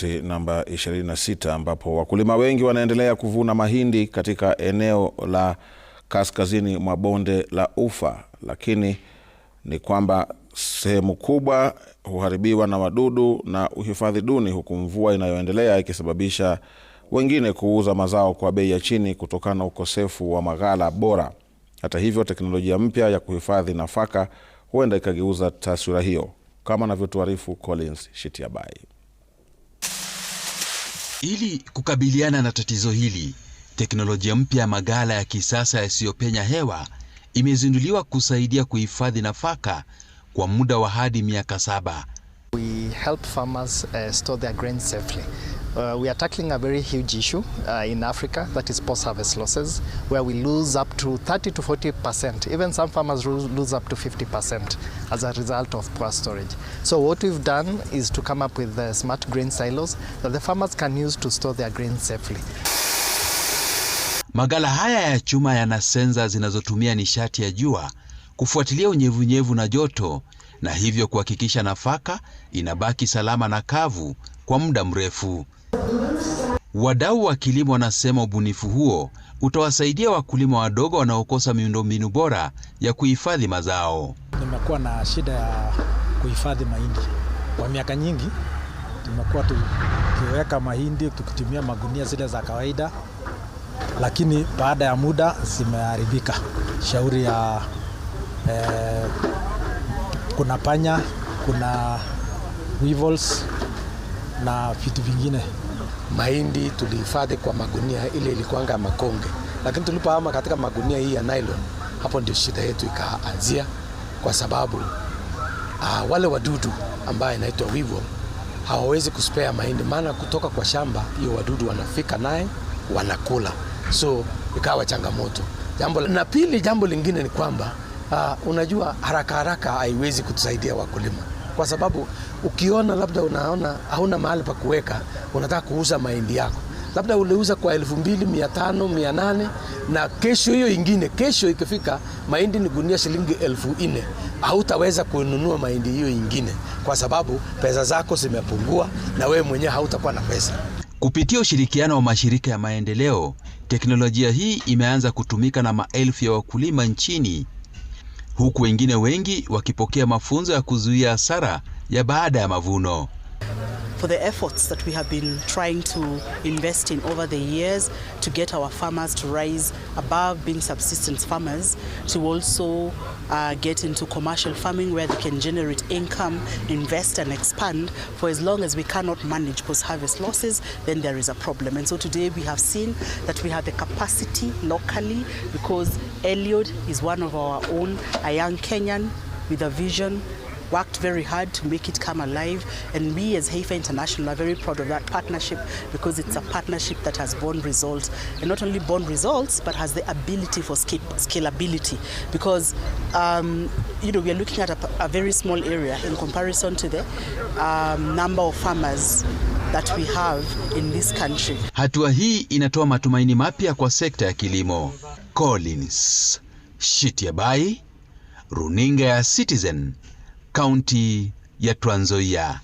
kaunti namba 26 ambapo wakulima wengi wanaendelea kuvuna mahindi katika eneo la kaskazini mwa bonde la Ufa, lakini ni kwamba sehemu kubwa huharibiwa na wadudu na uhifadhi duni, huku mvua inayoendelea ikisababisha wengine kuuza mazao kwa bei ya chini kutokana na ukosefu wa maghala bora. Hata hivyo, teknolojia mpya ya kuhifadhi nafaka huenda ikageuza taswira hiyo, kama anavyotuarifu Collins Shitiabai. Ili kukabiliana na tatizo hili, teknolojia mpya ya maghala ya kisasa yasiyopenya hewa imezinduliwa kusaidia kuhifadhi nafaka kwa muda wa hadi miaka saba. We help farmers, uh, store their grain safely. Uh, we are tackling a very huge issue uh, in Africa that is post-harvest losses where we lose up to 30 to 40 percent. Even some farmers lose up to 50 percent as a result of poor storage. So what we've done is to come up with the smart grain silos that the farmers can use to store their grain safely. Magala haya ya chuma yana sensa zinazotumia nishati ya jua kufuatilia unyevunyevu na joto na hivyo kuhakikisha nafaka inabaki salama na kavu kwa muda mrefu. Wadau wa kilimo wanasema ubunifu huo utawasaidia wakulima wadogo wanaokosa miundombinu bora ya kuhifadhi mazao. Nimekuwa na shida ya kuhifadhi mahindi kwa miaka nyingi, tumekuwa tukiweka mahindi tukitumia magunia zile za kawaida, lakini baada ya muda zimeharibika. Shauri ya eh, kuna panya, kuna weevils na vitu vingine. Mahindi tulihifadhi kwa magunia, ile ilikuanga makonge, lakini tulipohama katika magunia hii ya nylon, hapo ndio shida yetu ikaanzia, kwa sababu uh, wale wadudu ambaye inaitwa wivo hawawezi kuspea mahindi, maana kutoka kwa shamba hiyo wadudu wanafika naye wanakula, so ikawa changamoto jambo. Na pili, jambo lingine ni kwamba uh, unajua haraka haraka haiwezi kutusaidia wakulima kwa sababu ukiona labda unaona hauna mahali pa kuweka, unataka kuuza mahindi yako labda uliuza kwa elfu mbili mia tano mia nane na kesho hiyo ingine, kesho ikifika mahindi ni gunia shilingi elfu nne hautaweza kununua mahindi hiyo ingine, kwa sababu pesa zako zimepungua na wewe mwenyewe hautakuwa na pesa. Kupitia ushirikiano wa mashirika ya maendeleo, teknolojia hii imeanza kutumika na maelfu ya wakulima nchini huku wengine wengi wakipokea mafunzo ya kuzuia hasara ya baada ya mavuno. for the efforts that we have been trying to invest in over the years to get our farmers to rise above being subsistence farmers to also uh, get into commercial farming where they can generate income, invest and expand. For as long as we cannot manage post-harvest losses, then there is a problem. And so today we have seen that we have the capacity locally because Eliud is one of our own, a young Kenyan with a vision worked very hard to make it come alive. And we as Haifa International are very proud of that partnership because it's a partnership that has born results. And not only born results, but has the ability for scalability. Because, um, you know, we are looking at a, a very small area in comparison to the um, number of farmers that we have in this country. Hatua hii inatoa matumaini mapya kwa sekta ya kilimo. Collins Shitiabai, Runinga ya Citizen kaunti ya Trans Nzoia.